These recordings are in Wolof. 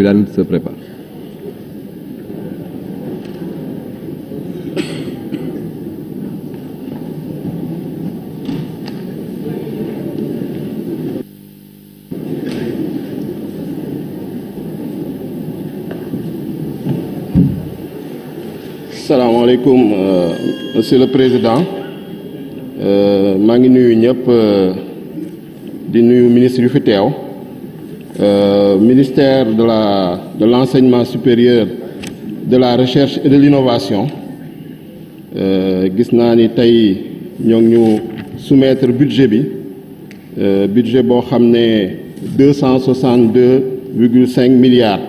Bulan se prépare. salaamaaleykum euh, monsieur le président euh, maa ngi nuyu ñëpp euh, di nuyu ministre yu fi teew euh, ministère de la de l'enseignement supérieur de la recherche et de l'innovation euh, gis naa ni tey ñoo ngi ñu soumettre budget bi euh, budget boo xam ne deux cent soixante deux virgule cinq milliards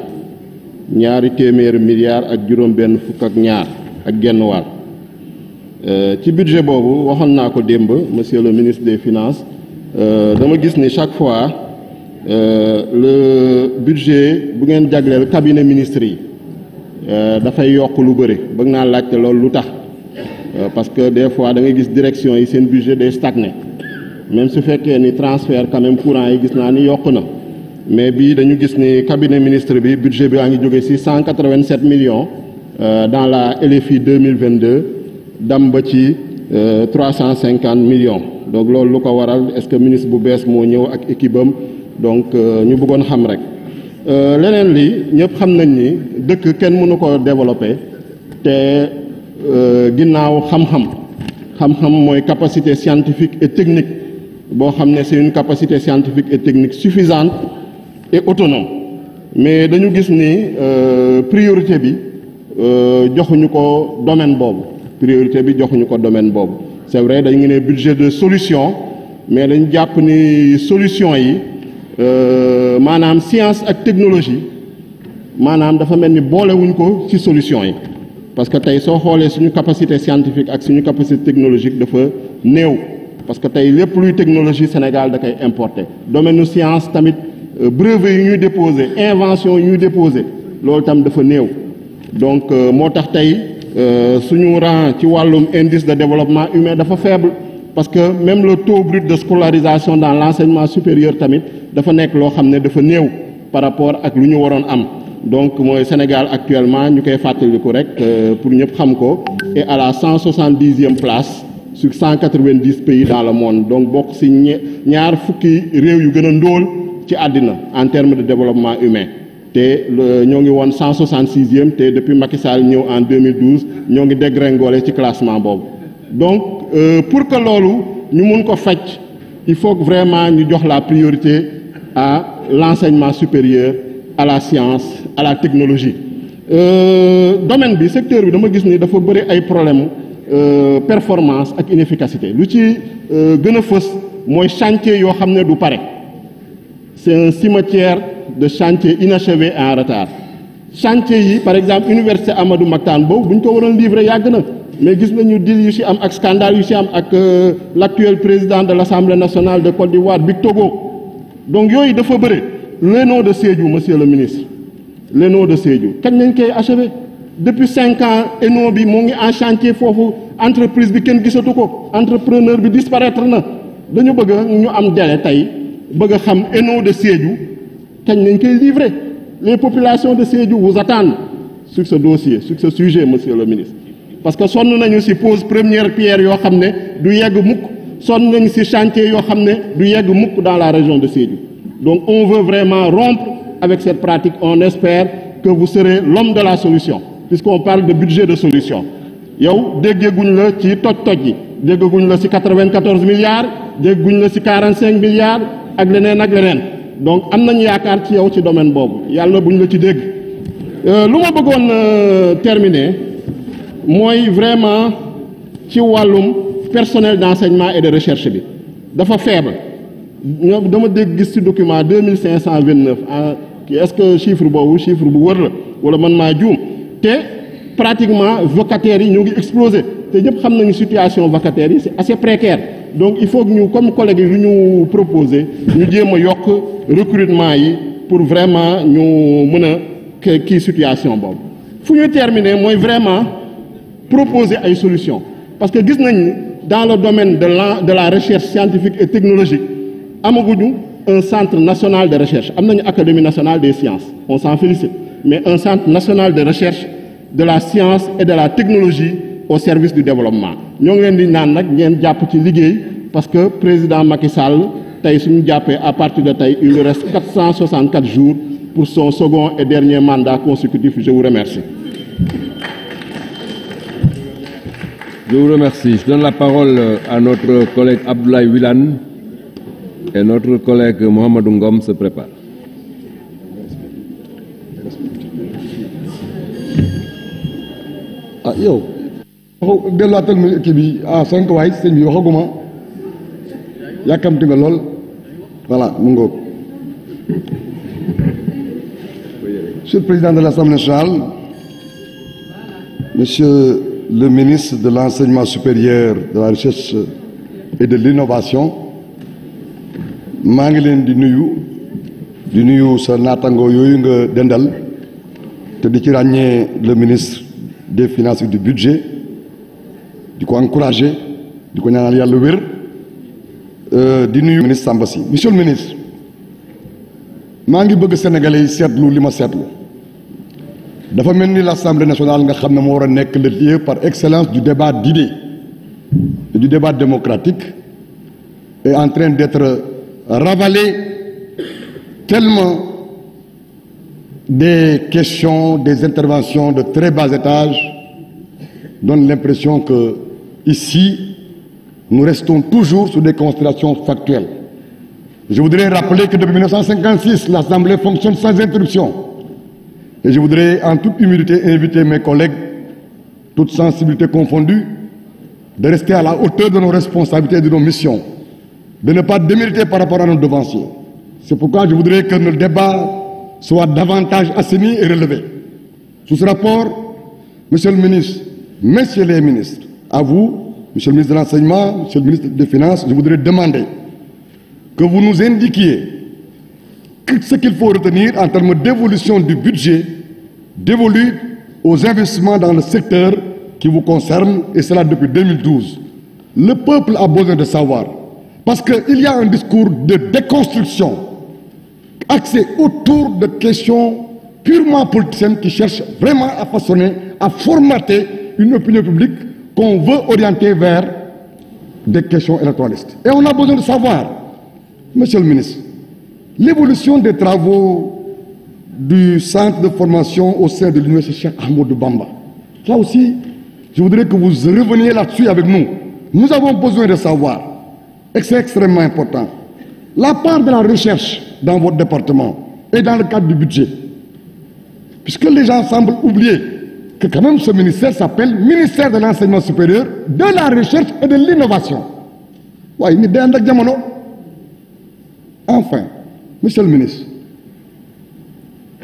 ñaari téeméeri milliards ak juróom-benn fukk ak ñaar ak genn wàll euh, ci budget boobu waxoon naa ko démb monsieur le ministre des finances dama gis ni chaque fois. Euh, le budget bu ngeen jagleel cabinet ministre yi euh, dafay yokk lu bëri bëgg naa laajte lool lu tax euh, parce que des fois da ngay gis direction yi seen budget day stagné même su fekkee ni transfert quand même courant yi gis naa ni yokk na mais bii dañu gis ni cabinet ministre bi budget bi waa ngi jóge ci cent quatre-vingt-sept millions dans la LFI deux mille vingt-deux dam ba ci trois cent cinquante millions donc loolu lu ko waral est-ce que ministre bu bees moo ñëw ak équipe donc euh, ñu buggoon xam rek euh, leneen li ñëpp xam nañ ni dëkk kenn mënu ko développer te euh, ginnaaw xam-xam xam-xam mooy capacité scientifique et technique boo xam ne seen capacité scientifique et technique suffisante et autonome mais dañu gis ni priorité bi joxuñu ko domaine boobu priorité bi joxuñu ko domaine boobu c'est vrai dañu ngi ne budget de solution mais dañu jàpp ni solution yi Euh, maanaam science ak technologie maanaam dafa mel ni boolewuñ ko ci solution yi parce que tey soo xoolee suñu capacité scientifique ak suñu capacité technologique dafa néew parce que tey lépp luy technologie Sénégal da koy importer domaine nu science tamit euh, brevet yu ñuy déposé invention yu ñuy déposé loolu tam dafa néew donc euh, moo tax tey suñu rang ci wàllum indice de développement humain dafa faible parce que même le taux brut de scolarisation dans l'enseignement supérieur tamit dafa nekk loo xam ne dafa néew par rapport ak lu ñu waroon am donc mooy Sénégal actuellement ñu koy fàttaliku rek euh, pour ñëpp xam ko et à la cent soixante dixième place sur cent quatre vingt dix pays dans le monde donc bokk ci ñaar fukki réew yu gën a ndóol ci àddina en termes de développement humain te ñoo ngi woon cent soixante sixième te depuis Macky Sall ñëw en 2012 ñoo ngi ngoole ci classement boobu donc euh, pour que loolu ñu mun ko faj il faut que vraiment ñu jox la priorité à l'enseignement supérieur à la science à la technologie euh, domaine bi secteur bi dama gis ni dafa bëri ay problème euh, performance ak inefficacité lu ci gën a fës mooy chantier yoo xam ne du pare c'est un cimetière de chantier inachevé en retard chantier yi par exemple université Amadou Mahtar Mbow bu ñu ko waroon livrer yàgg na mais gis nañu dil yu si am ak scandale yu si am ak euh, l'actuel président de l'Assemblée nationale de Côte d'Ivoire Big Togo donc yooyu dafa bëre les noms de Sédhiou monsieur le ministre les noms de Sédhiou kañ lañ koy achevé depuis cinq ans ENO bi moo ngi en chantier foofu entreprise bi kenn gisatu ko entrepreneur bi disparaître na dañu bëgg ñu am délai tey bëgg a xam ENO de Sédhiou kañ lañ koy livrer les populations de Sédhiou vous attendent sur ce dossier sur ce le ministre parce que sonn nañu ci pose première pierre yoo xam ne du yegg mukk sonn nañu ci chantier yoo xam ne du yegg mukk dans la région de Sédhiou donc on veut vraiment rompre avec cette pratique on espère que vous serez l'homme de la solution puisqu'on parle de budget de solution yow déggeeguñ la ci toj-toj yi déggeeguñ la ci 94 milliards dégguñ la ci 45 milliards ak leneen ak leneen donc am nañu yaakaar ci yow ci domaine boobu yàlla buñ la ci dégg euh, lu ma bëggoon euh, mooy vraiment ci wàllum personnel d'enseignement et de recherche bi dafa faible ñoom dama dégg gis ci document deux mille cinq cent vingt neuf ah, est-ce que chiffre boobu chiffre bu wër la wala man maa juum te pratiquement vacataires yi ñu ngi explosé te ñëpp xam nañu situation vacataires yi c'est assez précaire donc il faut que ñu comme collègues yi lu ñu proposé ñu jéem a yokk recrutement yi pour vraiment ñu mën a kii situation boobu fu ñu terminer mooy vraiment proposer ay solution parce que gis nañ dans le domaine de la de la recherche scientifique et technologique amaguñu un centre national de recherche am nañu académie nationale des sciences on s'en félicite mais un centre national de recherche de la science et de la technologie au service du développement ñoo ngi leen di naan nag ngeen jàpp ci liggéey parce que président Macky Sall tey suñu jàppee à partir de tey il lui reste 464 jours pour son second et dernier mandat consécutif je vous remercie Je vous remercie. la parole euh, à notre collègue Abdoulaye Wilane et notre collègue Mohamed Ngom se prépare. ah yow. delloowaateel ma kii bi ah sànq waay sëñ bi waxaguma yàkkamti nga lool voilà mu Monsieur le Président de l'Assemblée nationale, Monsieur. le ministre de l'Enseignement supérieur, de la Recherche euh, et de l'Innovation maa ngi leen di nuyu di nuyu sa naataango yooyu nga dendal te di ci ràññee le ministre des finance et du budget di ko encourager di ko ñaanal yàlla wér euh, di nuyu ministre Samba Sy monsieur le ministre maa ngi bëgg Sénégalais yi seetlu li ma seetlu dafa mel ni l'Assemblée nationale nga xam ne moo war a nekk le lieu par excellence du débat d'idées et du débat en train d'être ravalé tellement des questions, des interventions de très bas étage donnent l'impression que ici, nous restons toujours sur des considérations factuelles. Je voudrais rappeler que depuis 1956, l'Assemblée fonctionne sans interruption. Et je voudrais en toute humilité inviter mes collègues, toutes sensibilités confondues, de rester à la hauteur de nos responsabilités et de nos missions, de ne pas démériter par rapport à nos devanciers. C'est pourquoi je voudrais que nos débats soient davantage assainis et relevés. Sous ce rapport, Monsieur le ministre, Messieurs les ministres, à vous, Monsieur le ministre de l'Enseignement, Monsieur le ministre des Finances, je voudrais demander que vous nous ce qu'il faut retenir en termes d'évolution du budget dévolu aux investissements dans le secteur qui vous concerne, et cela depuis 2012. Le peuple a besoin de savoir, parce qu'il y a un discours de déconstruction axé autour de questions purement politiciennes qui cherchent vraiment à façonner, à formater une opinion publique qu'on veut orienter vers des questions électoralistes. Et on a besoin de savoir, Monsieur le ministre, L'évolution des travaux du centre de formation au sein de l'université Cheikh Ahmadou Bamba. Là aussi, je voudrais que vous reveniez là-dessus avec nous. Nous avons besoin de savoir, c'est extrêmement important, la part de la recherche dans votre département et dans le cadre du budget. Puisque les gens semblent oublier que quand même ce ministère s'appelle ministère de l'enseignement supérieur, de la recherche et de l'innovation. Enfin, Monsieur le ministre,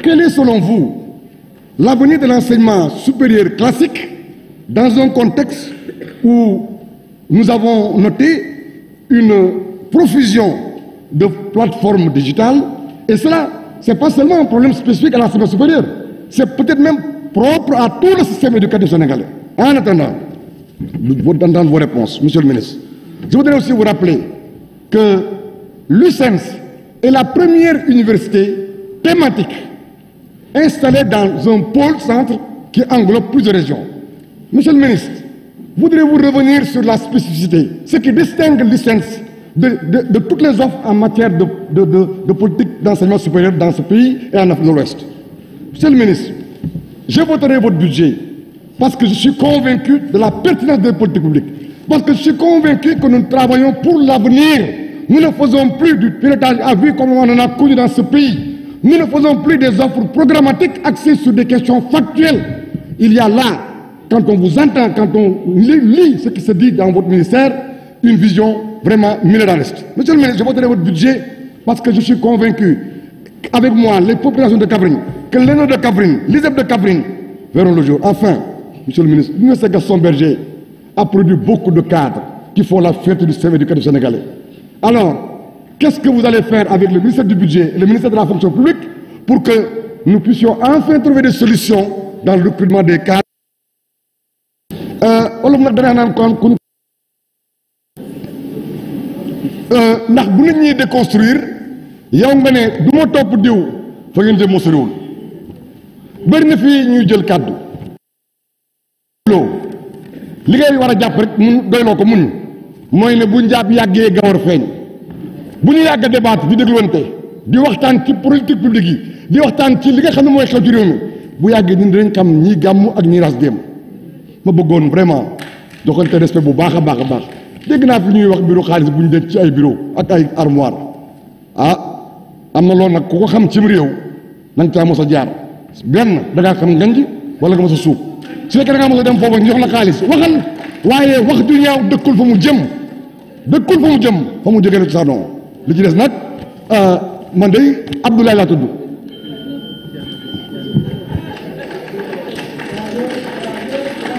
quel est selon vous l'avenir de l'enseignement supérieur classique dans un contexte où nous avons noté une profusion de plateformes digitales et cela, ce n'est pas seulement un problème spécifique à l'enseignement supérieur, c'est peut-être même propre à tout le système éducatif sénégalais. En attendant vos réponses, Monsieur le ministre, je voudrais aussi vous rappeler que l'UCENS est la première université thématique installée dans un pôle centre qui englobe plusieurs régions. Monsieur le ministre, voudrez-vous revenir sur la spécificité, ce qui distingue l'ICENS de, de, de, toutes les offres en matière de, de politique d'enseignement supérieur dans ce pays et en de l'Ouest Monsieur le ministre, je voterai votre budget parce que je suis convaincu de la pertinence des politiques publiques, parce que je suis convaincu que nous travaillons Nous ne faisons plus du pilotage à vue comme on en a connu dans ce pays. Nous ne faisons plus des offres programmatiques axées sur des questions factuelles. Il y a là, quand on vous entend, quand on lit, ce qui se dit dans votre ministère, une vision vraiment minéraliste. Monsieur le ministre, je voterai votre budget parce que je suis convaincu, avec moi, les populations de Cabrine, que l'ENO de Cabrine, l'ISEP de Cabrine verront le jour. Enfin, monsieur le ministre, M. Gaston Alors, qu'est-ce que vous allez faire avec le ministère du Budget et le ministère de la Fonction publique pour que nous puissions enfin trouver des solutions dans le recrutement des cadres euh, olof nag danaa naan kon kun euh, ndax bu nit ñi déconstruire yow nga ma topp diw fa ngeen jëm moo soriwul bëri na fii ñuy jël kàddu loo li war a jàpp rek ko muñ mooy ne bu njaab yàggee gawar feeñ bu ñu yàgg a débat di dégluwante di waxtaan ci politique publique yi di waxtaan ci li nga xam ne mooy xew ci réew mi bu yàggee nii dinañ xam ñii gàmmu ak ñii ras dem ma bëggoon vraiment joxante respect bu baax a baax a baax dégg naa fi ñuy wax bureau xaalis bu ñu denc ci ay bureau ak ay armoire ah am na loolu nag ku ko xam cim réew na nga caa mos a jaar benn da ngaa xam nganj wala nga mos a suuf su fekkee da mos a dem foofu ñu jox la xaalis waxal. waaye wax ju dëkkul fa mu jëm dëkkul fa mu jëm fa mu jógee la cosaanoo li ci des nag euh, man de Abdoulaye laa tudd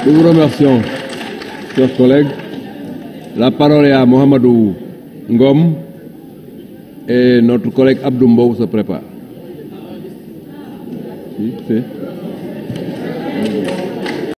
Nous vous remercions, chers collègues. La parole est à Mohamedou Ngom et notre collègue Abdou Mbow se prépare.